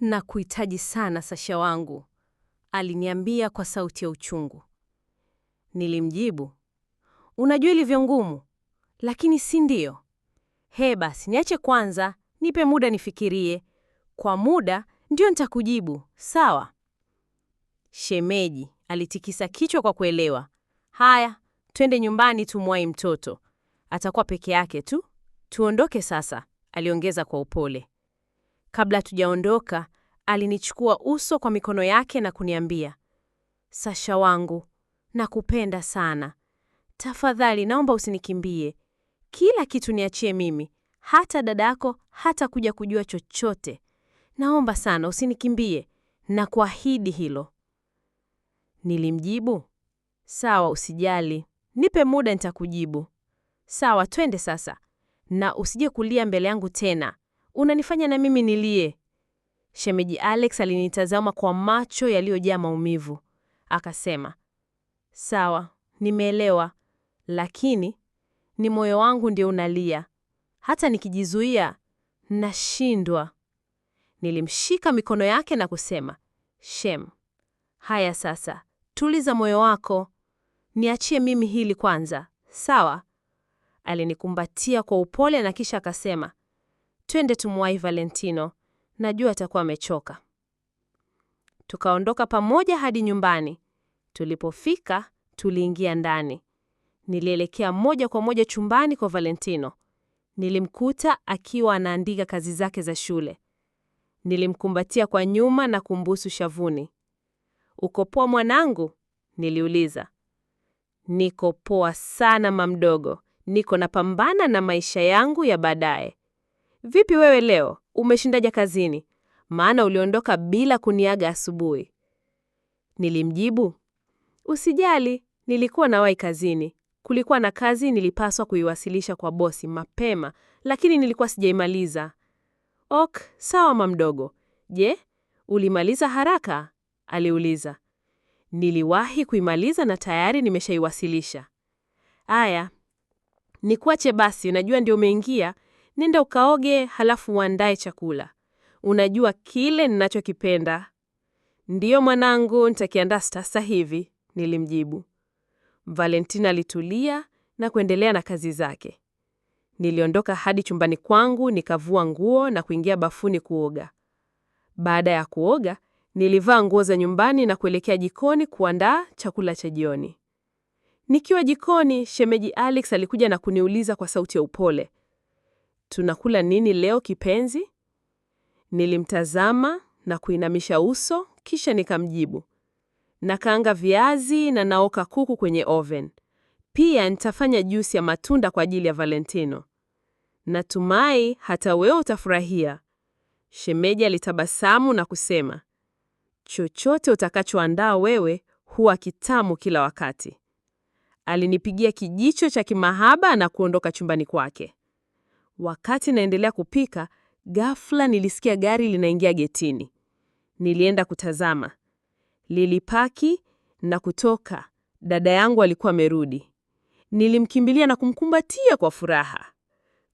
Nakuhitaji sana Sasha wangu, aliniambia kwa sauti ya uchungu. Nilimjibu, unajua ilivyo ngumu, lakini si ndio? He, basi niache kwanza, nipe muda nifikirie. Kwa muda ndio nitakujibu, sawa? Shemeji alitikisa kichwa kwa kuelewa. Haya, twende nyumbani tumwai mtoto, atakuwa peke yake tu. Tuondoke sasa, aliongeza kwa upole. Kabla tujaondoka, alinichukua uso kwa mikono yake na kuniambia, Sasha wangu, nakupenda sana. Tafadhali naomba usinikimbie. Kila kitu niachie mimi, hata dadako hata kuja kujua chochote. Naomba sana usinikimbie, nakuahidi hilo. Nilimjibu, sawa, usijali, nipe muda nitakujibu. Sawa, twende sasa, na usije kulia mbele yangu tena unanifanya na mimi nilie. Shemeji Alex alinitazama kwa macho yaliyojaa maumivu, akasema, sawa, nimeelewa, lakini ni moyo wangu ndio unalia. Hata nikijizuia nashindwa. Nilimshika mikono yake na kusema, Shem, haya sasa, tuliza moyo wako, niachie mimi hili kwanza, sawa? Alinikumbatia kwa upole na kisha akasema, twende tumwahi Valentino, najua atakuwa amechoka. Tukaondoka pamoja hadi nyumbani. Tulipofika tuliingia ndani, nilielekea moja kwa moja chumbani kwa Valentino. Nilimkuta akiwa anaandika kazi zake za shule. Nilimkumbatia kwa nyuma na kumbusu shavuni. Uko poa mwanangu? Niliuliza. Niko poa sana mamdogo, niko napambana na maisha yangu ya baadaye vipi wewe leo, umeshindaje kazini? Maana uliondoka bila kuniaga asubuhi. Nilimjibu, usijali, nilikuwa nawahi kazini. Kulikuwa na kazi nilipaswa kuiwasilisha kwa bosi mapema, lakini nilikuwa sijaimaliza. Ok, sawa mamdogo. Je, ulimaliza haraka? aliuliza. Niliwahi kuimaliza na tayari nimeshaiwasilisha. Aya, nikuache basi, najua ndio umeingia nenda ukaoge, halafu uandae chakula. Unajua kile ninachokipenda. Ndiyo mwanangu, nitakiandaa sasa hivi, nilimjibu. Valentina alitulia na kuendelea na kazi zake. Niliondoka hadi chumbani kwangu, nikavua nguo na kuingia bafuni kuoga. Baada ya kuoga, nilivaa nguo za nyumbani na kuelekea jikoni kuandaa chakula cha jioni. Nikiwa jikoni, shemeji Alex alikuja na kuniuliza kwa sauti ya upole, tunakula nini leo kipenzi? Nilimtazama na kuinamisha uso, kisha nikamjibu, nakaanga viazi na naoka kuku kwenye oven. Pia nitafanya juisi ya matunda kwa ajili ya Valentino. Natumai hata wewe utafurahia. Shemeji alitabasamu na kusema, chochote utakachoandaa wewe huwa kitamu kila wakati. Alinipigia kijicho cha kimahaba na kuondoka chumbani kwake. Wakati naendelea kupika, ghafla nilisikia gari linaingia getini. Nilienda kutazama, lilipaki na kutoka. Dada yangu alikuwa amerudi. Nilimkimbilia na kumkumbatia kwa furaha.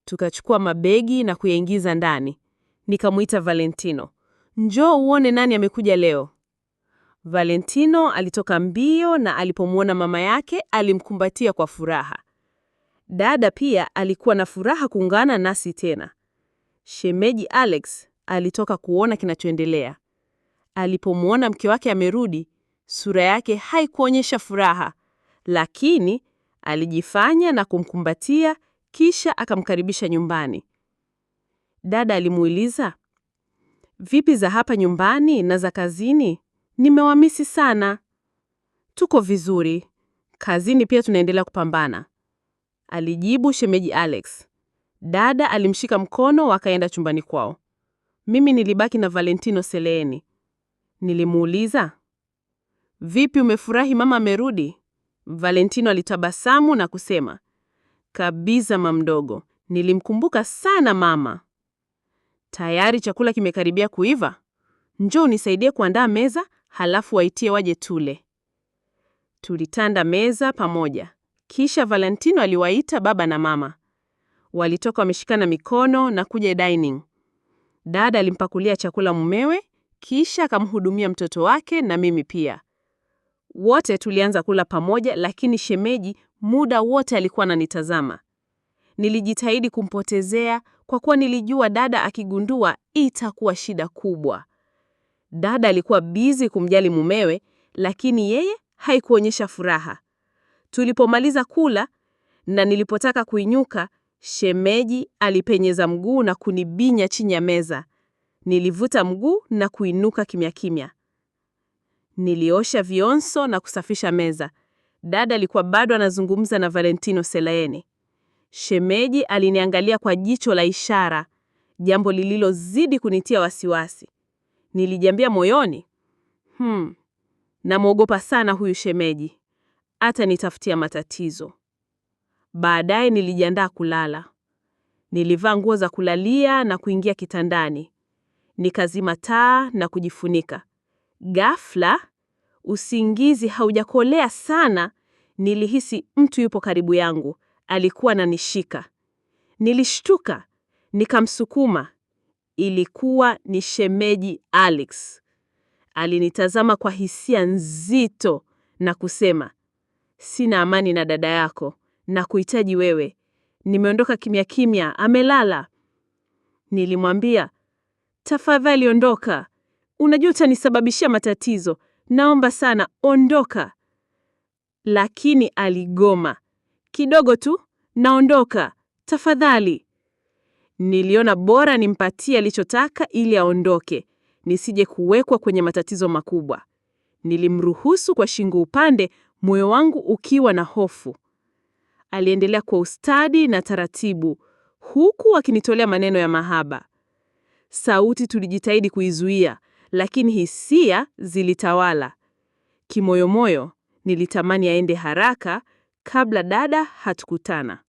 Tukachukua mabegi na kuyaingiza ndani. Nikamwita Valentino, njoo uone nani amekuja leo. Valentino alitoka mbio na alipomwona mama yake alimkumbatia kwa furaha. Dada pia alikuwa na furaha kuungana nasi tena. Shemeji Alex alitoka kuona kinachoendelea. Alipomwona mke wake amerudi, sura yake haikuonyesha furaha, lakini alijifanya na kumkumbatia, kisha akamkaribisha nyumbani. Dada alimuuliza, vipi za hapa nyumbani na za kazini? Nimewamisi sana. Tuko vizuri. Kazini pia tunaendelea kupambana alijibu shemeji Alex. Dada alimshika mkono, wakaenda chumbani kwao. Mimi nilibaki na Valentino seleeni. Nilimuuliza, vipi, umefurahi mama amerudi? Valentino alitabasamu na kusema, kabisa mamdogo, nilimkumbuka sana mama. Tayari chakula kimekaribia kuiva, njoo unisaidie kuandaa meza, halafu waitie waje tule. Tulitanda meza pamoja, kisha Valentino aliwaita baba na mama. Walitoka wameshikana mikono na kuja dining. Dada alimpakulia chakula mumewe, kisha akamhudumia mtoto wake na mimi pia. Wote tulianza kula pamoja, lakini shemeji muda wote alikuwa ananitazama. Nilijitahidi kumpotezea kwa kuwa nilijua dada akigundua itakuwa shida kubwa. Dada alikuwa bizi kumjali mumewe, lakini yeye haikuonyesha furaha. Tulipomaliza kula na nilipotaka kuinyuka, shemeji alipenyeza mguu na kunibinya chini ya meza. Nilivuta mguu na kuinuka kimya kimya. Niliosha vionso na kusafisha meza. Dada alikuwa bado anazungumza na Valentino Selaeni. Shemeji aliniangalia kwa jicho la ishara, jambo lililozidi kunitia wasiwasi. Nilijiambia moyoni, hmm, namwogopa sana huyu shemeji nitafutia matatizo. Baadaye nilijiandaa kulala. Nilivaa nguo za kulalia na kuingia kitandani. Nikazima taa na kujifunika. Ghafla, usingizi haujakolea sana, nilihisi mtu yupo karibu yangu. Alikuwa ananishika. Nilishtuka, nikamsukuma. Ilikuwa ni shemeji Alex. Alinitazama kwa hisia nzito na kusema, Sina amani na dada yako, na kuhitaji wewe. Nimeondoka kimya kimya, amelala. Nilimwambia, tafadhali ondoka, unajua utanisababishia matatizo, naomba sana, ondoka. Lakini aligoma, kidogo tu, naondoka tafadhali. Niliona bora nimpatie alichotaka ili aondoke, nisije kuwekwa kwenye matatizo makubwa. Nilimruhusu kwa shingo upande moyo wangu ukiwa na hofu. Aliendelea kwa ustadi na taratibu, huku akinitolea maneno ya mahaba. Sauti tulijitahidi kuizuia, lakini hisia zilitawala. Kimoyomoyo nilitamani aende haraka kabla dada hatukutana.